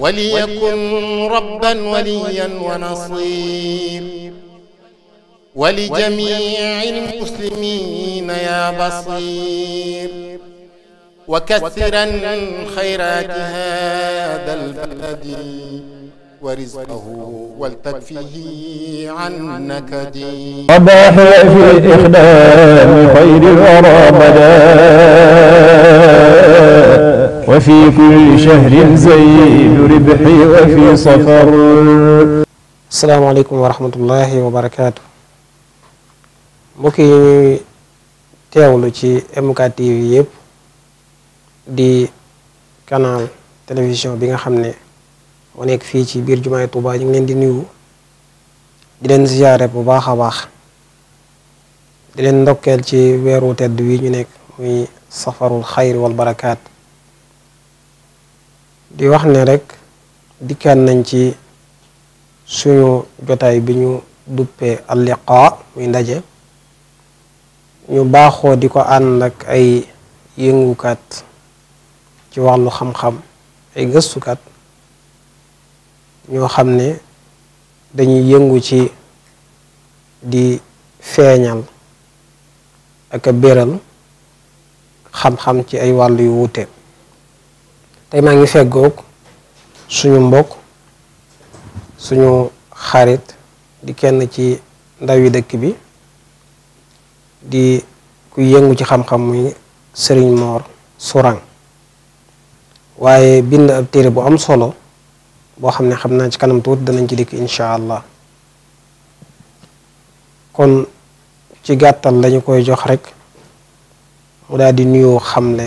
وليكن ربا وليا ونصير ولجميع المسلمين يا بصير وكثرا خيرات هذا البلد ورزقه ولتكفيه عن نكدي صباح في إخدام خير الورى بدا وفي كل شهر زيد ربحي وفي سفر السلام عليكم ورحمة الله وبركاته mbokk yi ñuy ci MK TV yëpp di canal télévision bi nga xam ne moo nekk fii ci biir jumaay Tuuba ñu ngi leen di nuyu di leen ziyaare bu baax a baax di leen ndokkeel ci weeru tedd wi ñu nekk muy safarul xayri wal di wax ne rek dikkaat nañ ci suñu jotaay bi ñu duppee alliqa muy ndaje ñu baaxoo di ko ànd ak ay yëngukat ci wàllu xam-xam ay gëstukat ñoo xam ne dañuy yëngu ci di feeñal ak a béral xam-xam ci ay wàllu yu wuute tey maa ngi feggoog suñu mbokk suñu xarit di kenn ci ndawi dëkk bi di ku yëngu ci xam-xam muy sëriñ Mor Sourang waaye bind ab téere bu am solo boo xam ne xam naa ci kanam tuuti danañ ci dikk incha allah kon ci gàttal lañu koy jox rek mu daal di nuyoo xamle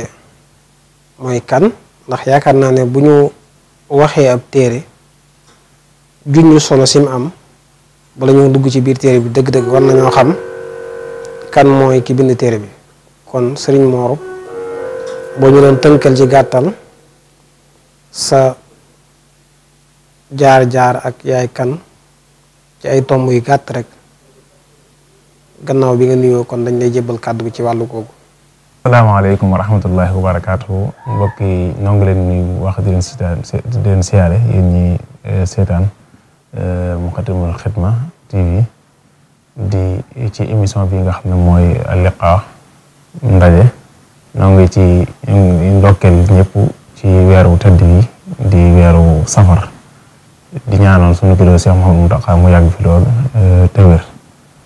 mooy kan ndax yaakaar naa ne bu ñu waxee ab téere juñu solo sim am bala ñoo dugg ci biir téere bi dëgg-dëgg war nañoo xam kan mooy ki bind téere bi kon sëriñ Mor boo ñu doon tënkal ci gàttal sa jaar-jaar ak yaay kan ci ay tomb yu gàtt rek gannaaw bi nga nuyoo kon dañ lay jébbal kàddu gi ci wàllu googu salaamaaleykum wa rahmatullahi wa barakaatu mbokk yi ñoo ngi leen nuyu wax di siyaare yéen ñi eh, seetaan eh, Muqaddamatul Xidma TV di ci émission bi nga xam ne mooy liqa ndaje ñoo ngi ci ndokkeel ñëpp ci weeru tëdd yi di weeru safar di ñaanoon suñu kilo Cheikh Mouhamadou Mountakha mu yàgg fi eh, te wér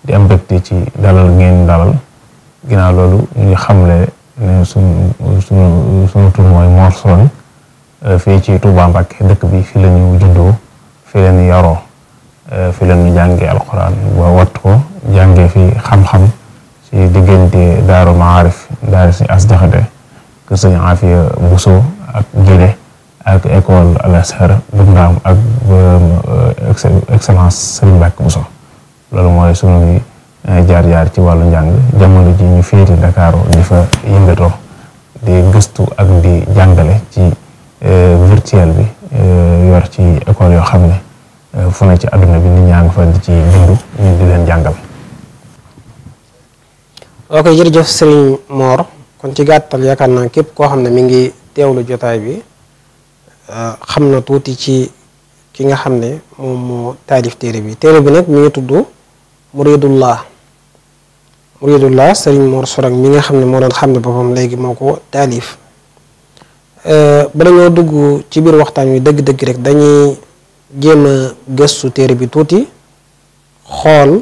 di am mbégte ci dalal ngeen dalal ginnaaw loolu ñu xamle ne suñu suñu suñu tur mooy Mor Soone euh, fii ci Touba dëkk bi fi la ñu juddoo fi la ñu yaroo euh, fi la ñu jàngee alxuraan ba wattu ko jànge fi xam-xam ci diggante daaru maarif daaru si as jaxate kër sëñ Afia Bousso ak Guinée ak école Al Azhar bu Ndaam ak euh, excellence Serigne Mbacké Bousso loolu mooy sunu jaar-jaar ci wàllu njàng jamono ji ñu féete Ndakaaru di fa yëngatoo di gëstu ak di jàngale ci euh, virtuel bi euh, yor ci école yoo xam ne euh, fu ne ci àdduna bi nit ñaa ngi fa di ci dund ñu di leen jàngal. ok jërëjëf Serigne Mor kon ci gàttal yaakaar naa képp koo xam ne mu ngi teewlu jotaay bi xam na tuuti ci ki nga xam ne moom moo taalif téere bi téere bi nag mu ngi tudd Muridullah Ubaydullah sëriñ Mor Sorang mi nga xam ne moo doon xam ne boppam léegi moo ko taalif euh, bala ñoo dugg ci biir waxtaan wi dëgg-dëgg rek dañuy jéem gëstu téere bi tuuti xool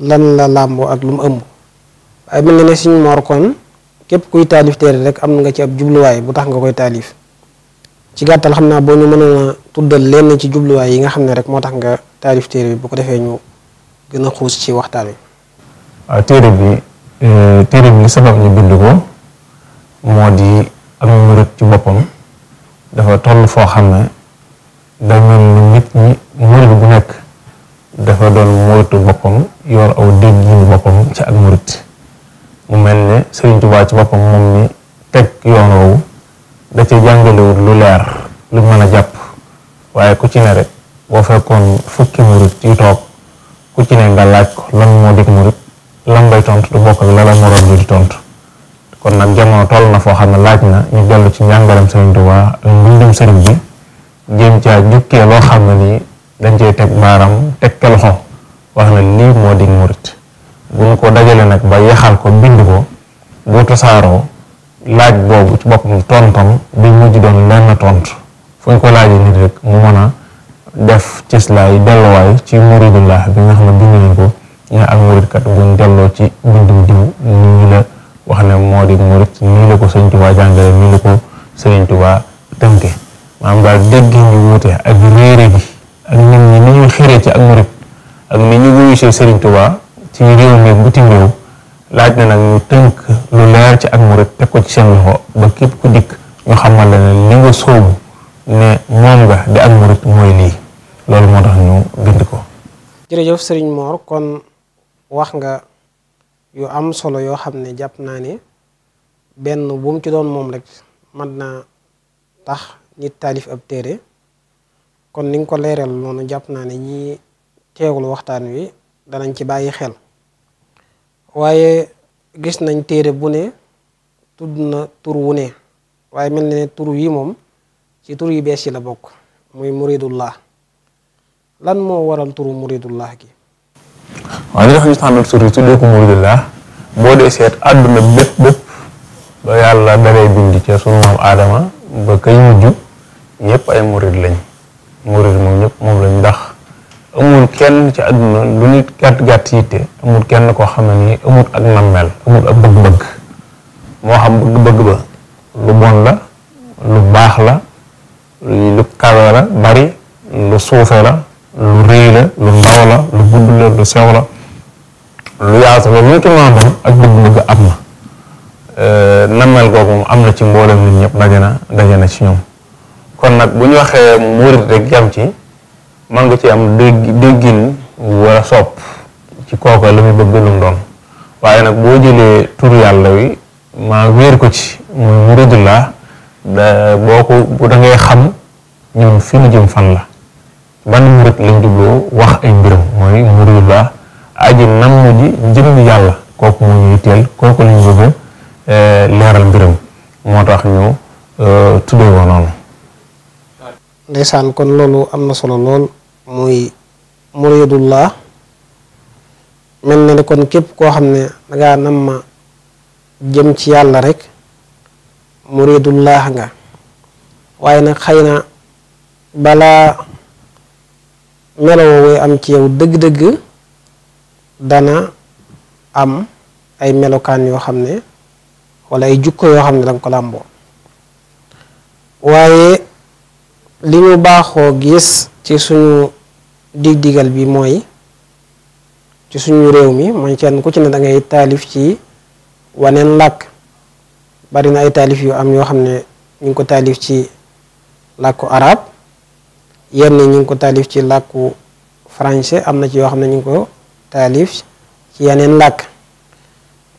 lan la làmboo ak lu mu ëmb waaye mel ne sëriñ Mor kon képp kuy taalif téere rek am nga ci ab jubluwaay bu tax nga koy taalif ci gàttal xam naa boo ñu mënoon a tuddal lenn ci jubluwaay yi nga xam ne rek moo tax nga taalif téere bi bu ko defee ñu gën a xuus ci waxtaan wi. waaw euh, téere bi euh, téere bi li sabab ñu bind ko moo di am murit ci boppam dafa toll foo xam ne da mel nit ñi murit bu nekk dafa doon muritu boppam yor aw dégg boppam ci ak murit mu mel ni Sëriñ Tuubaa ci boppam moom ni teg yoon woowu da ca jàngalewut lu leer lu mën a jàpp waaye ku ci ne rek boo fekkoon fukki murit yu toog ku ci ne nga laaj ko lan moo dig murit lam lay tontu du bokk ak la la moroom ji di tontu kon nag jamono toll na foo xam ne laaj na ñu dellu ci njàngalem sëriñ Tuubaa ak mbindum sëriñ bi jéem caa jukkee loo xam ne nii dañ cee teg baaram teg ca loxo wax na lii moo di murit bu ñu ko dajale nag ba yaxal ko bind ko boo tasaaroo laaj boobu ci boppam tontam bi mujj doon lenn tontu fu ñu ko laajee nit rek mu mën a def cëslaay delluwaay ci muridullah bi nga xam bind nañ ko. ñu ne ak murit kat buñ delloo ci bindum diw nii la wax ne moo di murit nii la ko sëñ Tuubaa jàngale nii la ko sëñ Tuubaa tënke maanaam daal dégg ñu wuute ak réere ak nit ñi ci ak murit ak ñu wuyusee sëriñ Tuubaa ci réew mi laaj na nag ñu tënk lu leer ci ak murit teg ko ci seen loxo ba képp ñu xamal la ne li nga sóobu ne moom nga di ak murit mooy lii loolu moo tax ñu bind ko jërëjëf sëriñ Mor kon wax nga yu am solo yoo xam ne jàpp naa ne benn bu ci doon moom rek mën naa tax nit taalif ab téere kon ni ko leeral noonu jàpp naa ne ñi teewul waxtaan wi danañ ci bàyyi xel waaye gis nañ téere bu ne tudd na tur wu ne waaye mel na ne tur yi moom ci tur yu bees yi la bokk muy muridu muridullah lan moo waral turu muridullah gi waaye li tax su tànnal suuf si tuddee ko muridullah boo dee seet àdduna bépp bépp ba yàlla daree bind ci sunu maam aadama ba kay mujj ñëpp ay morit lañ murid moom ñëpp moom lañ ndax amul kenn ci àdduna lu nit gàtt gàtt yitte amul kenn koo xam ne nii amul ak nammeel amul ak bëgg-bëgg moo xam bëgg-bëgg ba lu bon la lu baax la lu kawe la bari lu suufe la lu rëy la lu ndaw la lu gudd la lu sew la lu yaatu la luñ ci maamam ak bëgg-bëgg am na euh, namel googu am na ci mboolem nit ñëpp daje na daje na ci ñoom kon nag bu ñu waxee murit rek jam ci man nga ci am dégg déggin wala sopp ci kooka la muy bëgg lu doon waaye nag boo jëlee turu yàlla wi maa wéer ko ci muy muridullah da boo ko bu da xam ñun fi nu jëm fan la ban murit lañ jubloo wax ay mbiram mooy muridullah aji namm ji jëm yàlla kooku moo ñuy teel kooku eh, leeral mbiram moo tax ñu eh, tuddee woon noonu ndeysaan kon loolu am na solo lool muy muridullah mel na ni kon képp koo xam ne dangaa nam ma jëm ci yàlla rek muridullah nga waaye nag xëy na balaa melowoo am ci yow dëgg-dëgg dana am ay melokaan yoo xam ne walla ay jukko yoo xam ne danga ko làmboo waaye li ñu baaxoo gis ci suñu dig-digal bi mooy ci suñu réew mi mooy kenn ku ci ne dangay taalif ci waneen làkk bari na ay taalif yu am yoo xam ne ñu ngi ko taalif ci làkku arab yenn ñu ngi ko taalif ci làkku français am na ci yoo xam ne ñu ngi ko taalif ci yeneen làkk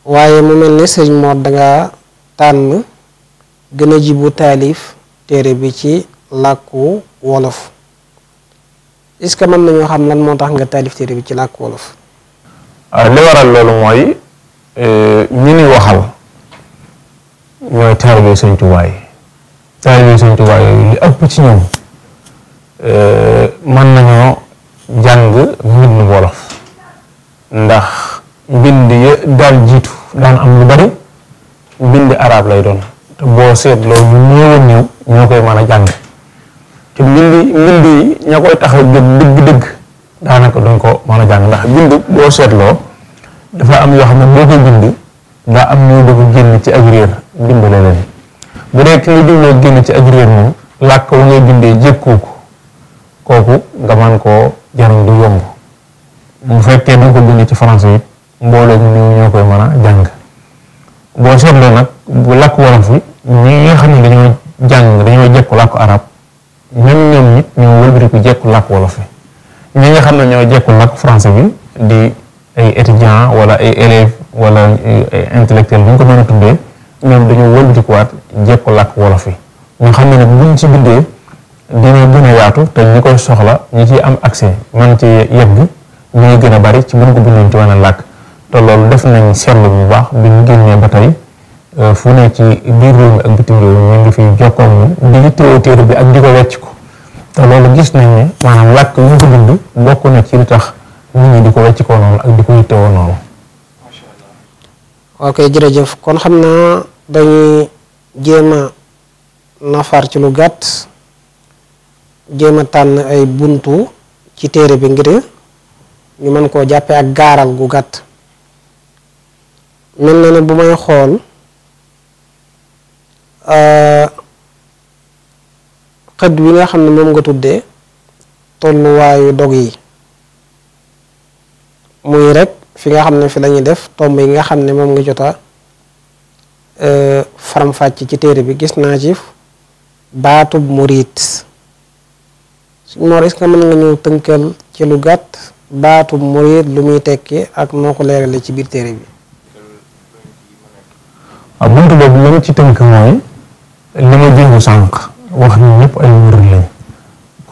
waaye mu mel ne sëñ danga tànn gën a jibu taalif téere bi ci làkku wolof est-ce que mën nañoo xam lan moo tax nga taalif téere bi ci làkku wolof ah, li waral loolu mooy eh, ñi ni waxal ñooy taalibe sëñ Tuubaa yi taalibe sëñ Tuubaa ëpp ci ñoom eh, mën nañoo jàng mbind wolof ndax mbind ya daan jiitu daan am lu bari mbind arab lay doon te boo seetloo ñu néew a ñoo koy mën a jàng te mbind mbind yi ña koy tax a jóg dëgg-dëgg daanaka duñ ko mën a jàng ndax bind boo seetloo dafa am yoo xam ne boo koy bind am ñoo génn ci ak réer dimbale leen bu dee nga jublee génn ci ak réer moom làkk wu ngay bindee jékkoo ko kooku nga man koo jàng du yomb bu fekkee da nga ko bind ci français it mbooloo mu néew ñoo koy mën a jàng boo seetloo nag bu làkk wolof yi ñi nga xam ne dañoo jàng dañoo jekku làkku arab même ñoom nit ñoo wëlbatiku jekku làkk wolof yi ñi nga xam ne ñoo jekku làkk français bi di ay étudiants wala ay élèves walla ay intellectuels ñu ko mën a tuddee ñoom dañoo wëlbatikuwaat jekku làkk wolof yi ñu xam ne nag buñ ci bindee dina gën a yaatu te ñi koy soxla ñi ciy am accès man ci yegg ngi gën a bari ci mën ko bindoon ci weneen làkk te loolu def nañ seetlu bu baax bi ñu génnee ba tey euh, fu ne ci biir réew mi ak bitim réew ñu ngi fi jokkoo ñu di yittewoo téere bi ak di ko wecc ko te loolu gis nañ ne maanaam làkk yu ñu ko bind bokk na ci li tax nit ñi di ko wecc ko noonu ak di ko yittewoo noonu. waaw kay jërëjëf kon xam naa dañuy jéem a ci lu gàtt jéem tànn ay buntu ci téere bi ngir. ñu mën koo jàppee ak gaaral gu gàtt mel na ne bu may xool euh, xët wi nga xam ne moom nga tuddee tolluwaayu dog yi muy rek fi nga xam ne fi lañuy def tomb yi nga xam ne moom nga jota euh, faram-fàcc ci téere bi gis naa ci baatub murit suñ moor est-ce que mën nga ñëw tënkal ci lu gàtt baatu murid lu muy tekki ak noo ko la ci biir téere bi waaw buntu boobu la ci tënk mooy li ma jëngu sànq wax ni ñëpp ay murid lañ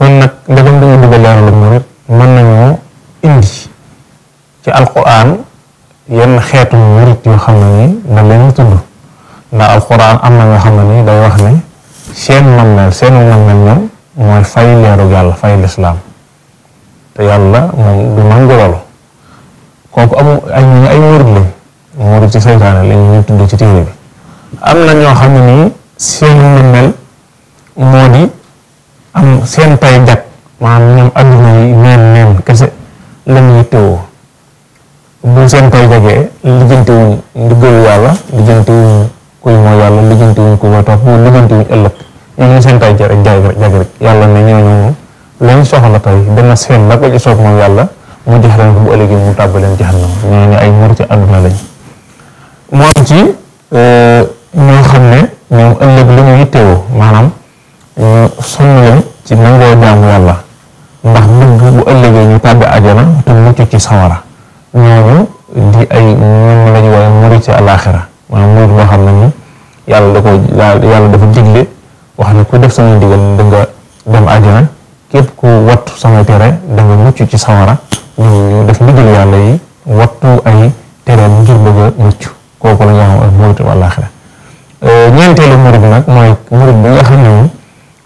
kon nag ndegam dañu bëgg a leeralu murid mën nañoo indi ci alquran yenn xeetu murid yoo xam ne ni na leen tudd ndax alquran am na nga xam ne ni day wax ne seen nammeel seenu nammeel ñoom mooy fay leeru yàlla fay lislaam te yàlla moom du màngo loolu kooku amul ay ñooñu ay ci seytaane lañ ñu tudd ci téere bi am na ñoo xam ne nii seen lu mel moo di am seen pay jag maanaam bu seen pay jagee lijjantewuñ ndiggalu yàlla yàlla lijjantewuñ ko topp lijjantewuñ ëllëg ñoom ñu seen pay jag rek jaay rek yàlla ne ñooñu moom lañ soxla tey dana seen la ko ci soog moom yàlla mu jox leen ko bu ëllëgee mu tàbb leen jahannam ñoo ñu ay mur ci àdduna lañ moom ci euh, ñoo xam ne ñoom ëllëg li ñu maanaam ñu sonn leen ci nangoo jaamu yàlla ndax bëgg bu ëllëgee ñu tàbbi ajana te mucc ci sawara ñooñu di ay ñoom alaaxira maanaam murit moo xam ne ni yàlla da ko yàlla dafa digle wax ne ku def sama ndigal da nga dem ajana képp ku wattu sama tere da nga mucc ci sawara ñu ñu def ndigal yàlla yi wattu ay tereem ngir bëgg a mucc kooku la ñu ak mawt wala axira euh, ñeenteelu murid nag mooy murid bi nga xam ne moom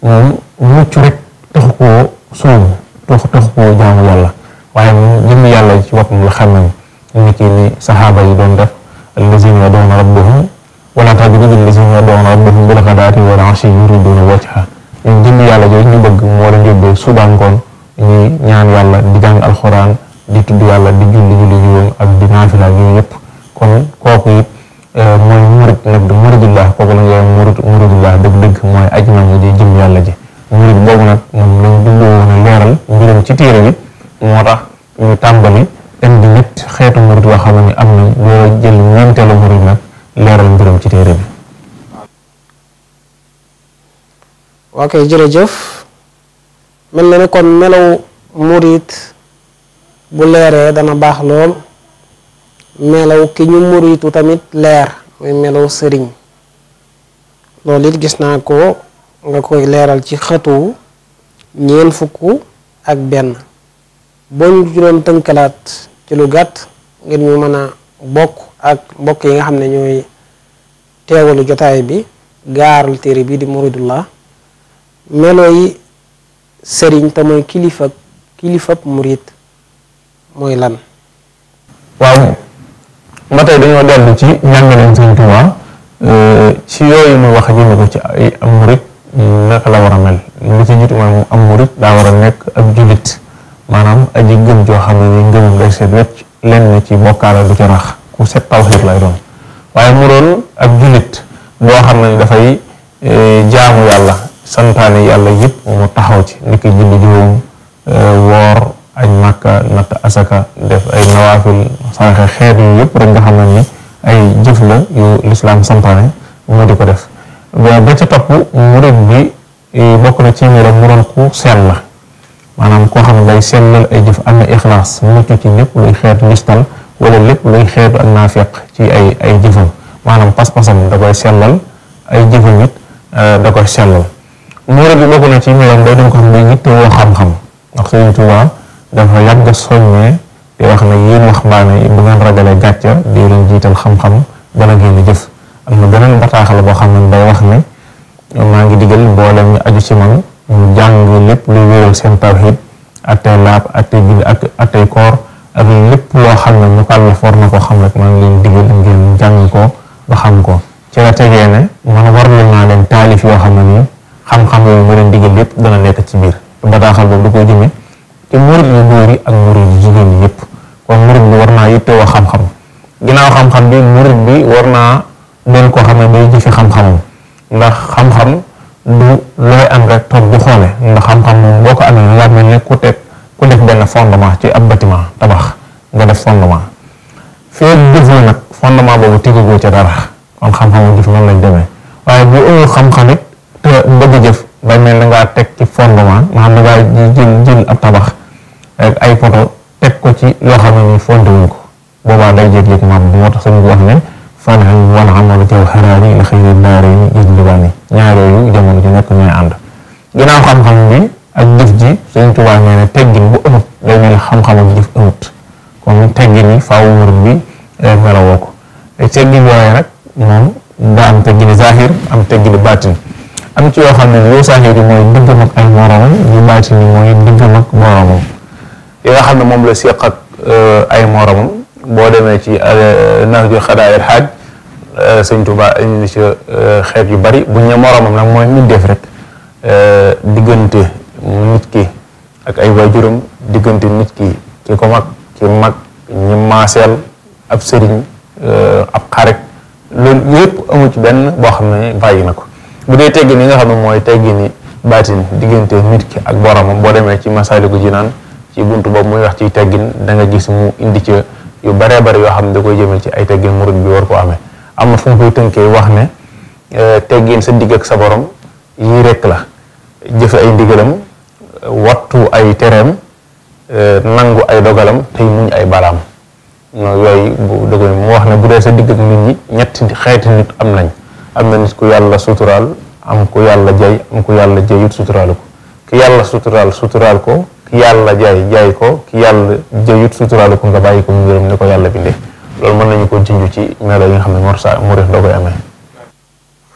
moom mucc rek taxu koo sóobu taxu taxu koo jaamu yàlla waaye moom jëmm yàlla ci boppam la xam ne ni ki ni saxaaba yi doon def allazina yadoona rabbahum wala tabidu allazina yadoona rabbahum bil ghadaati wal ashiyyi yuriduuna wajha jëmm yàlla jooju ñu bëgg moo leen yóbbee suba ngoon ñuy ñaan yàlla di jàng alxuraan di tudd yàlla di julli julli juróom ak di naafila yooyu yëpp kon kooku it eh, mooy murid nag du muridullah kooku dëgg-dëgg mooy aj ma ji di jëm yàlla ji murid boobu nag moom lañ dundoo woon a leeral mbiram ci téere bi moo tax ñu tàmbali indi nit xeetu murid yoo xam ne am na ñoo jël ñeent ok jërëjëf mel na ne kon melaw murit bu leeree dana baax lool melaw ki ñu muritu tamit leer muy melaw sëriñ loolu it gis naa ko nga koy leeral ci xëtu ñeent fukk ak benn boo ñu juróom tënkalaat ci lu gàtt ngir ñu mën a bokk ak mbokk yi nga xam ne ñooy teewalu jotaay bi gaaral téere bi di muridullah melo yi sëriñ te mooy kilifa kilifab murit mooy lan waaw ba tey dañoo dellu ci njàngaleem Sëriñ Tuubaa euh, ci yooyu ma wax jëme ko ci ay am murit naka la war a mel li ci jiitu mooy am murit daa war a nekk ak jullit maanaam aji gëm joo xam ne ni ngëmam day seet wecc lenn ci bokkaale du ci rax ku set tawxiid lay doon waaye mu doon ab jullit boo xam ne dafay euh, jaamu yàlla santaane yàlla yëpp mu taxaw ci niki julli juróom euh, woor aj màkka natt asaka def ay nawaafil saraxe xeet yu yëpp rek nga xam ne ni ay jëf la yu lislaam santaane mu di ko def ba ca topp murid bi eh, bokk na ci melo mu doon ku la maanaam koo xam day sellal ay jëf am na ixlaas mucc ci luy xeetu ngistal wala lépp luy xeetu ak naafeq ci ay ay jëfam maanaam pas-pasam da koy sellal ay jëfam it euh, da koy sellal murid bi bokk na ci melam day doon ko xam ne yittewoo xam-xam ndax Sëriñ Tuubaa dafa yàgg soññee di wax ne yéen waxambaane yi bu ngeen ragalee gàcca di xam jëf am na beneen bataaxal boo xam ne maa ngi digal mboolem ñu aju ci man ñu jàng lépp luy wéyal seen tawxiid ak tey laab ak tey julli ak ak loo xam ne mu kàllaf war na ko xam rek maa ngi leen digal ngeen jàng ko ba xam ko ci la tegee ne man war na naa leen taalif yoo xam ne nii xam-xam yooyu mu leen digal lépp dana nekk ci biir bataaxal boobu da koo jëmee ci murid yu góor yi ak murid yu jigéen ñi ñëpp kon murid bi war naa yittewoo xam-xam ginnaaw xam bi murid bi war naa doon ko xam ne day jëfe xam-xamam ndax xam-xam du looy am rek toog di xoole ndax xam-xam moom boo ko amee nga ne benn fondement ci ab bâtiment tabax nga def fondement fee jëfoo nag fondement boobu tegagoo ca dara kon xam-xamu jëf noonu lañ demee waaye bu ëwoo xam-xam Euh, bëgg jëf day mel na ngaa teg ci fondement maanaam da ngaa jël jël ab tabax rek ay poto teg ko ci loo xam ne nii fonde wuñ ko boobaa day jékki-jékki maam moo tax suñu wax ne fan wal amalu jawharaani li xayri daarayni jëndiwaani ñaar yooyu jamono ji nekk ñooy ànd ginnaaw xam-xam bi am ci yoo xam ne yow saa di mooy diggam ak ay moromam yu baati ni mooy diggam ak moromam yi xam ne moom la seq ak euh, ay moromam boo demee ci nahju xadaayil xaaj sëñ Tuba indi na ci euh, xeet yu bari buñ ñu moromam nag mooy mu def rek euh, diggante nit ki ak ay waajuram diggante nit ki ki ko mag ki mag ñi maaseel ab sëriñ ab xarit loolu yëpp amu ci benn boo xam ne bàyyi na bu dee teggin yi nga xam ne mooy teggini baatin diggante nit ki ak boroomam boo demee ci Masaalikul Jinaan ci bunt boobu muy wax ci teggin da gis mu indi ca yu baree bari yoo xam ne da koy jëmee ci ay teggin murid bi war ko amee am na fu mu koy tënkee wax ne e, teggin sa digg ak sa borom yii rek la jëfe ay ndigalam wattu ay tereem e, nangu ay dogalam tey muñ ay balaam yooyu bu dogal mu wax ne bu dee sa digg ak nit ñi ñetti xeeti nit am nañ am na nit ku yàlla suturaal am ku yàlla jay am ku yàlla jayut suturaalu ko ki yàlla suturaal ko ki yàlla jay jay ko ki yàlla jayut suturaalu ko nga bàyyi ko mu ngërëm ko yàlla bindee loolu mën nañu ko jinju ci melo yi nga xam ne mor sa murit doo amee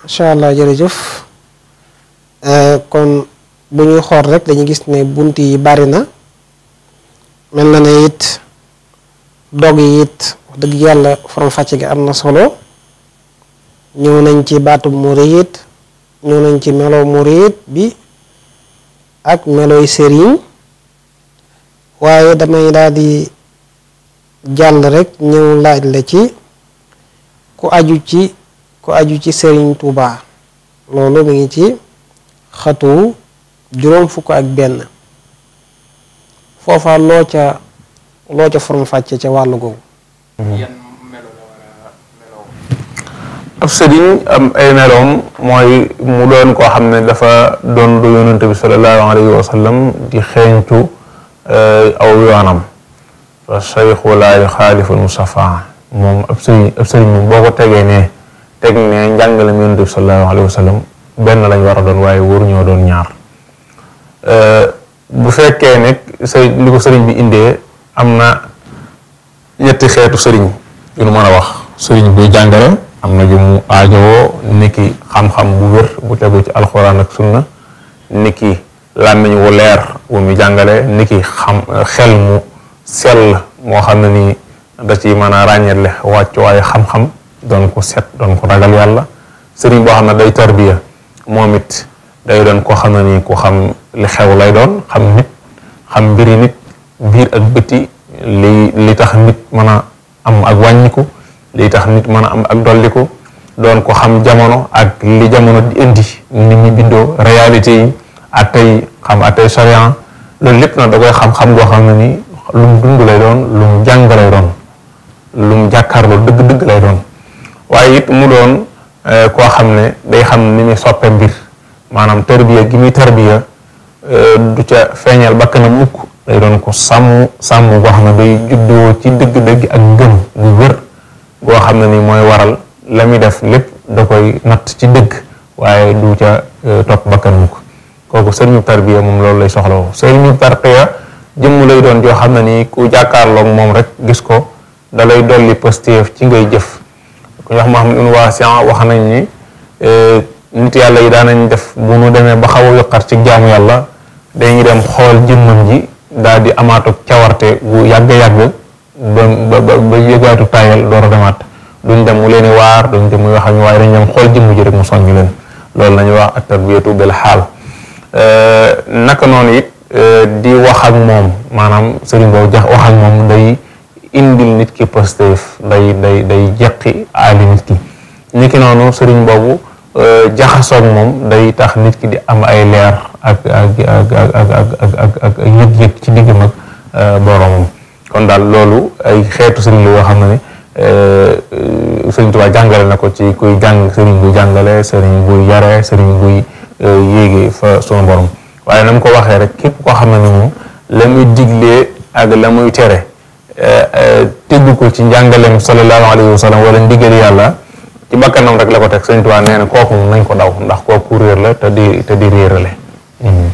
incha allah jërëjëf eh, kon bu ñuy xool rek dañu gis ne bunt yi bari na mel na ne it dog yi it dëgg yàlla forom fàcce gi am na solo ñëw nañ ci baatu murid ñëw nañ ci melo murid bi ak meloy sëriñ waaye damay daal di jàll rekk ñëw laaj la ci ku aju ci ku aju ci sëriñ Touba loolu mi ngi ci xatu juróom fukk ak benn foofa loo ca loo ca forom fàcce ca wàll googu mm-hmm. sëriñ am ay meloom mooy mu doon koo xam ne dafa doon lu yonente bi sallallahu alayhi wa sallam di xeeñtu eh, aw yoonam wa sayxu laa yuxaalifu moom ab sëriñ ab sëriñ moom boo ko tegee ne teg ne njàngalem yonente bi sallallahu alayhi wa sallam benn lañ war a doon waaye wóor ñoo doon ñaar eh, bu fekkee nag sëriñ li ko sëriñ bi indee am na ñetti xeetu sëriñ yu nu mën a wax sëriñ buy jàngale am na ju mu aajowoo niki xam-xam bu wér bu tegu ci alxuraan ak sunna niki làmmiñ wu leer wu mu jàngale niki xam xel mu sell moo xam ne ni da ci mën a ràññeele wàccuwaayu xam-xam doon ko set doon ko ragal yàlla sëriñ boo xam ne day tarbiya moom it day doon ko xam ne nii ku xam li xew lay doon xam nit xam nit biir ak bëti li li tax nit mën a am ak wàññiku li tax nit mën a am ak dolliku doon ko xam jamono ak li jamono di indi nit ñi bindoo réalité yi atay xam atay sariyan loolu lépp na da koy xam-xam goo xam ne ni lu mu dund lay doon lu mu jàng lay doon lu mu dëgg-dëgg lay doon waaye it mu doon eh, koo xam ne day xam ni muy soppe mbir maanaam tarbiya gi muy tarbiya eh, du ca feeñal bakkanam mukk day doon ko sàmm sàmm goo xam ne day juddoo ci dëgg-dëgg ak ngëm gu wér goo xam ne ni mooy waral la muy def lépp da koy natt ci dëgg waaye du ca euh, topp bakkan mukk kooku sëriñu tarbiya moom loolu lay soxla woo sëriñu tarbiya jëmm lay doon joo xam ne nii ku jàkkaarloog moom rek gis ko dalay lay dolli positif ci ngay jëf ku wax Muhammad ibn Waasi' wax nañ ni euh, nit yàlla yi daanañ def bu nu demee ba xaw a yokkar ci jaamu yàlla dañuy dem xool jëmmam ji daal di amaatoog cawarte bu yàgg-yàgg doon ba ba yëgaatu tayal door a demaat duñ dem mu leen i waar duñ dem mu wax ak ñu waaye dañ dem xool jëmm ji rek mu soññ leen loolu la ñuy wax ak tarbiyatu bil xaal euh, naka noonu yit euh, di wax ak moom maanaam sëriñ boobu jax wax ak moom day nit ki positif day day day jeqi aali nit ki ni ki noonu sëriñ boobu euh, jaxasoog moom day tax nit ki di am ay leer ak ak ak ak yëg-yëg ci diggam ak kon daal loolu ay xeetu sëriñ la yoo xam na ne euh, sëriñ Tuubaa jàngale na ko ci kuy jàng sëriñ buy jàngale sëriñ buy yare sëriñ buy euh, yéege fa sunu borom waaye na mu ko waxee rek képp koo xam ne moom la muy diglee ak la muy tere euh, tëgg ko ci njàngaleem sallallahu alayhi wa sallam wala ndigal yàlla ci bakkanam rek la ko teg sëriñ Tuubaa nee na kooku nañ ko daw ndax kooku réer la te di te di réerale mm-hmm.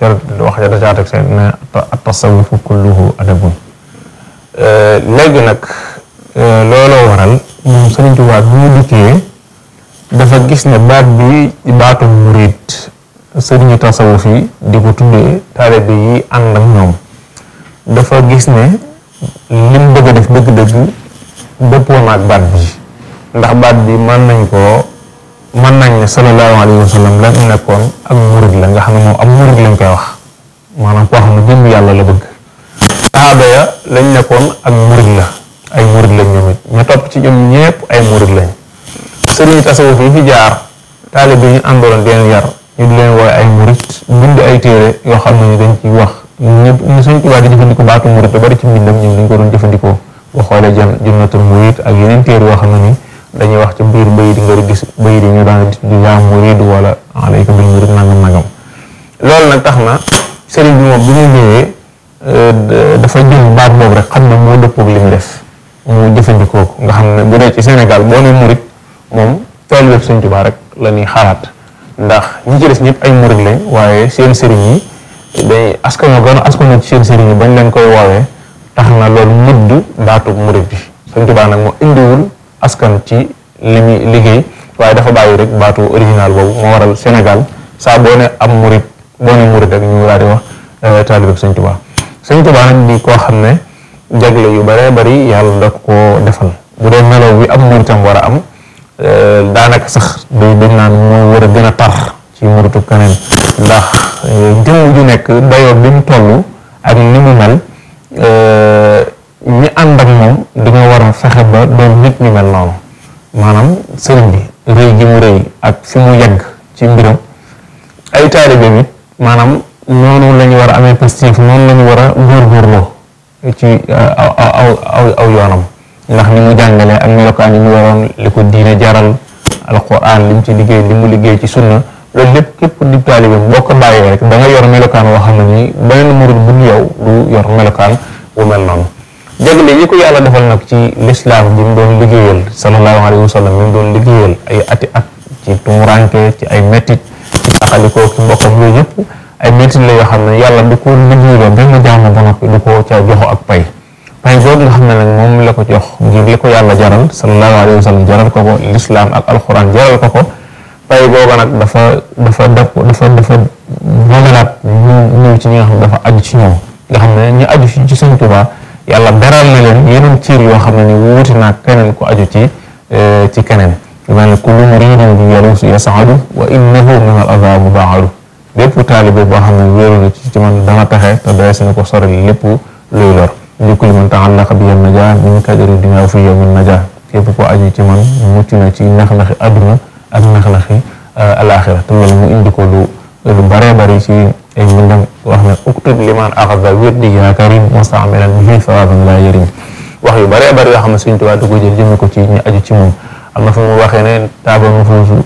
ca wax ja dacaa teg seen ne tasawufu euh, nag euh, looloo waral moom Sëriñ Tuubaa bi mu dikkee dafa gis ne baat bi baatu murit sëriñu tasawuf yi di ko tuddee taalibe yi ànd ak ñoom dafa gis ne lim bëgg a def dëgg-dëgg dëppoo baat bi ndax baat bi mën nañ ko mën nañ ne sallallahu alayhi wa sallam nekkoon ak murid la nga xam ne moom am murid lañ koy wax maanaam koo xam ne jëmm yàlla la bëgg saaba ya lañ nekkoon ak murid la ay murid lañ ñoom it topp ci ñoom ñépp ay murid lañ sëriñ tasawuf yi fi jaar taalibe yi ñu àndoon deen yar ñu di leen wooye ay murid bind ay téere yoo xam ne dañ ci wax ñëpp ñu suñ tubaab di jëfandikoo baatu murid da bari ci mbindam ñoom dañ ko doon jëfandikoo boo xoolee jëm jannatul murid ak yeneen téere yoo xam ne ni dañuy wax ci biir bayit gis bayit yi ñu daan di yaa muriid wala alayka bil muriid nangam nangam loolu nag tax na sëriñ bi moom bi mu ñëwee euh, dafa jël baat boobu rek xam ne moo dëppoog li mu def mu jëfandikoo ko nga xam ne bu dee ci senegal boo ne murit moom tool bépp Sëriñ Tuubaa rek la ñuy xalaat ndax ñi ci des ñëpp ay murit lañ waaye seen sëriñ yi day askanoo gën a ci seen sëriñ yi bañ leen koy woowee tax na loolu mudd baatu murit bi Sëriñ Tuubaa nag moo indiwul askan ci li muy liggéey waaye dafa bàyyi rek baatu original boobu moo waral Sénégal saa boo ne am murit boo ne murit rek ñu laa di wax euh, taalibe Sëñ Tuubaa Sëñ Tuubaa nag di koo xam ne jagle yu bare bari yàlla da ko defal bu dee melaw bi am muritam war a am euh, daanaka sax day dañ naan moo war a gën tar ci muritu keneen ndax euh, jëmm ju nekk dayoo bi mu ak ni mu mel ñi àndak ak moom dañoo war a fexe ba doon nit ñu mel noonu maanaam sëriñ bi rëy gi mu rëy ak fi mu yegg ci mbiram ay taalibe bi maanaam noonu la war a amee positif noonu la war a góorgóorloo ci uh, aw aw aw yoonam ndax ni mu jàngalee ak melokaan yi mu yoroon li ko diine jaral alquran li mu ci liggéey li mu liggéey ci sunna loolu lépp képp di taalibe boo ko bàyyee rek da yor melokaan woo xam ne nii beneen murid yow du yor melokaan wu mel noonu. jagle yi ko yàlla defal nag ci lislaam bi mu doon liggéeyal sallallahu alayhi wa sallam mi mu doon liggéeyal ay ati at ci tumuranke ci ay mettit ci taxalikoo ki mbokkam yooyu yëpp ay mettit la yoo xam ne yàlla du ko liggéeyloo benn jaamu ba noppi du ko ca joxo ak pay pay boobu nga xam ne nag moom la ko jox ngir li ko yàlla jaral sallallahu alayhi wa sallam jaral ko ko lislaam ak alxuraan jaral ko ko pay booba nag dafa dafa dëpp dafa dafa mënalaat ñu ñëw ci ñi nga xam ne dafa aju ci ñoom nga xam ne ñu aju ci Sëñ Tuubaa yàlla beral na leen yeneen ciir yoo xam ne ni wuuti naa ku aju ci euh, ci keneen lu mel ne kullu muridin bi yaruusu yasaadu wa innahu min al azaabu baaxalu bépp taalibe boo xam ne wéeru na ci ci man dama taxe te ko soril lépp luy lor li kulli man taallaqa bi yan najaa min kadari dinaa fi yawmin najaa képp ko aju ci man mucc na ci nax-naxi adduna ak nax-naxi euh, alaaxira te loolu mu indi ko lu lu bare ci ay mbindam wax na uktub liman axada wirdi yaa karim mustaamilan bihi sawaban laa yarim wax yu bare bare yoo xam ne Sëriñ Tuubaa da ko jël jëme ko ci ñu aju ci moom am na fu mu waxee ne taaba nufuusu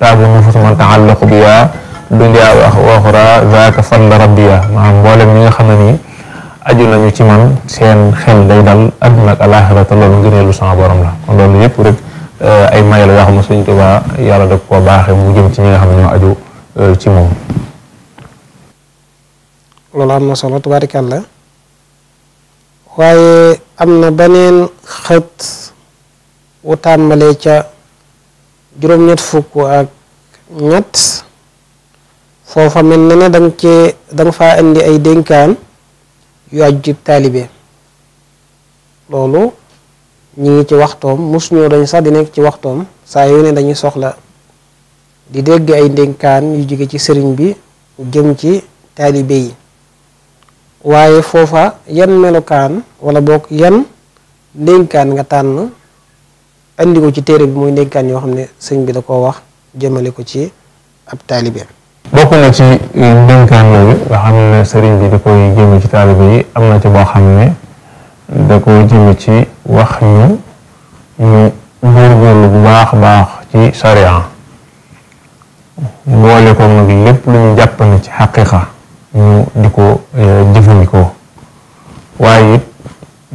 taaba nufuusu man taallaqu biyaa dunyaa wa axraa zaaka fadla rabbiyaa mboolem ñi nga xam ne nii aju nañu ci man seen xel day dal adduna ak alaaxira te loolu lu sama borom la kon loolu yëpp rek eh, ay may la yoo xam ne Sëriñ Tuubaa yàlla da koo baaxee mu jëm ci ñi nga xam ne ñoo aju eh, ci moom loolu am na solo la waaye am na beneen xët wu tàmbalee ca juróom-ñett fukk ak ñett foofa mel na ne danga cee indi ay dénkaan yu aju ci loolu ñi ngi ci waxtoom mosuñoo dañ sax di nekk ci waxtoom saa yu ne dañuy soxla di dégg ay dénkaan yu jóge ci sëriñ bi jëm ci taalibe yi waaye foofa yan melokaan wala boog yan ndénkaan nga tànn andi ko ci téere bi muy ndénkaan yoo xam ne sëñ bi da koo wax jëmale ko ci ab taalibe bokk na ci ndénkaan yooyu nga xam ne sëriñ bi da koy jëme ci taalibe yi am na ci boo xam ne da koy jëme ci wax ñu ñu góorgóorlu bu baax baax ci sariya boole ko nag lépp lu ñu jàpp ci xaqiqa ñu di ko eh, jëfandikoo waaye it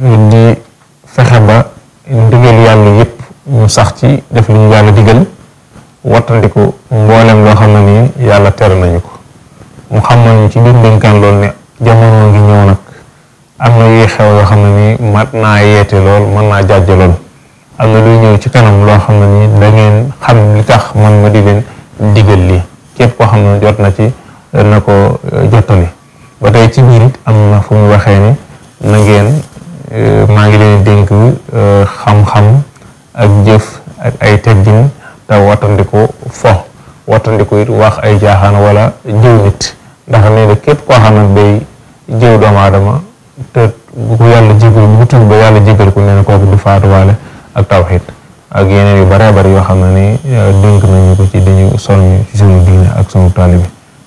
di fexe ba ndigal yàlla yépp ñu sax ci def li ñu yàlla digal wattandiku mboolem loo xam na nii yàlla tere nañu ko mu xamal ñu ci biir ndénkaan loolu ne jamono ngi ñëw nag am na yuy xew yoo xam ne nii mat naa yeete lool mën naa jàjj lool am na luy ñëw ci kanam loo xam ne nii da ngeen xam li tax man ma di leen digal lii képp koo xam ne jot na ci na ko euh, jottali ba tey ci biir am na fu mu waxee ni na ngeen euh, maa ngi leen dénk euh, xam-xam ak jëf ak ay teggin te wattandiku fo wattandiku wax ay jaaxaan wala jëw nit ndax nee na képp koo xam ne day jëw doomu aadama te bu ko yàlla jégal bu tuub ba yàlla jégal ko nee na kooku du faatuwaale ak tawxiid ak yeneen yu bare bari yoo xam ne ni dénk nañu ko ci dañu sonn ci sunu diine ak sunu taalibe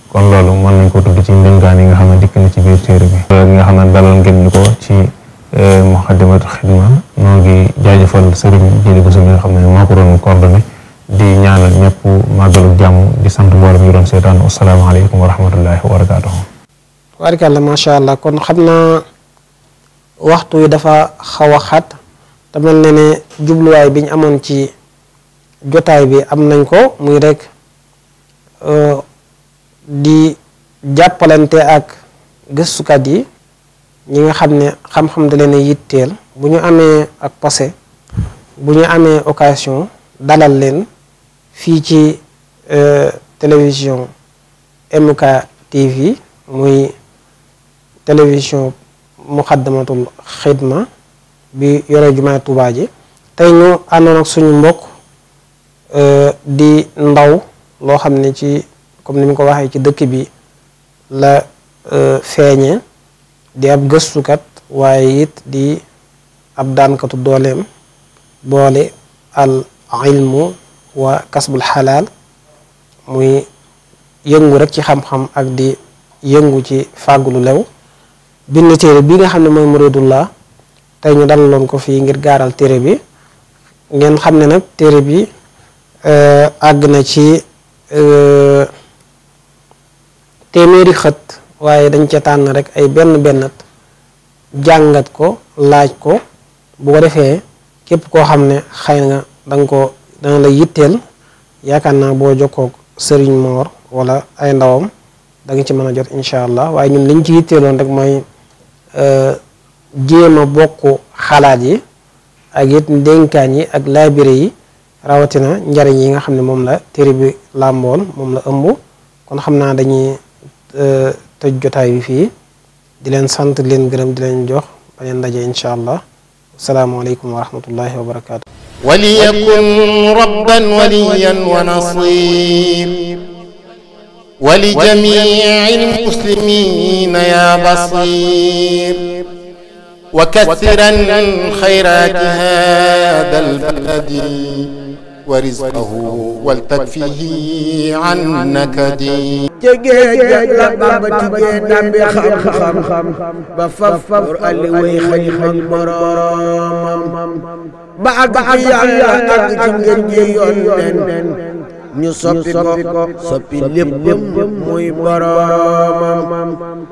kon loolu mën nañ ko tudd ci ndénkaan nga xam ne dikk na ci biir téere bi loolu nga xam ne dalal ngeen ko ci euh, Muxaddamatul Xidma noo ngi jaajëfal sëriñ Jili Buso mi nga xam ne moo ko doon coordonné di ñaanal ñëpp màggalu jàmm di sant mboolem ñu doon seetaan asalaamaaleykum wa rahmatullahi wa barakaatuhu barikàlla macha wi dafa xaw a xat te mel ne ne jubluwaay bi amoon ci jotaay bi am nañ ko muy rek euh, di jàppalante ak gëstukat yi ñi nga xam ne xam-xam da yitteel bu ñu amee ak posé bu ñu amee occasion dalal leen fii ci euh, télévision MK TV muy télévision muxaddamatul xidma bi yore jumaa Tuubaa ji tey ñu àndoon ak suñu mbokk euh, di ndaw loo xam ne ci comme ni mu ko waxee ci dëkk bi la euh, feeñe di ab gëstukat waaye it di ab daankatu dooleem boole al ilmu wa kasbul xalaal yëngu rek ci xam ak di yëngu ci fàggulu lew bind téere bi nga xam ne mooy muridullah tey ñu loon ko fii ngir gaaral téere bi ngeen xam ne nag téere bi euh, àgg na ci euh, téeméeri xët waaye dañ ca tànn rek ay benn bennat jàngat ko laaj ko bu ko defee képp koo xam ne xëy na danga ko danga la yitteel yaakaar naa boo jokkoog sëriñ Moor wala ay ndawam da nga ci mën a jot incha allah waaye ñun liñ ci yitteeloon rek mooy euh, jéem a bokk xalaat yi ak it dénkaan yi ak laabire yi rawatina njariñ yi nga xam ne moom la téere bi làmbool moom la ëmb kon xam naa dañuy E, tëj jotaay bi fii di leen sant di leen gërëm di leen jox ba leen ndaje incha allah asalaamaaleykum wa rahmatullahi wa barakaatu. وليكن ربا وليا ونصير ولجميع المسلمين يا بصير وكثرا خيرات هذا البلد wa rizqahu wal takfihi an nakadi ci géej géej la Bamba tijjee dambi xam-xam ba faf pour ali way xalima boromam ba ak ci yàlla ak ci ngeen ji yoon nen ñu soppi ko soppi lépp muy boromam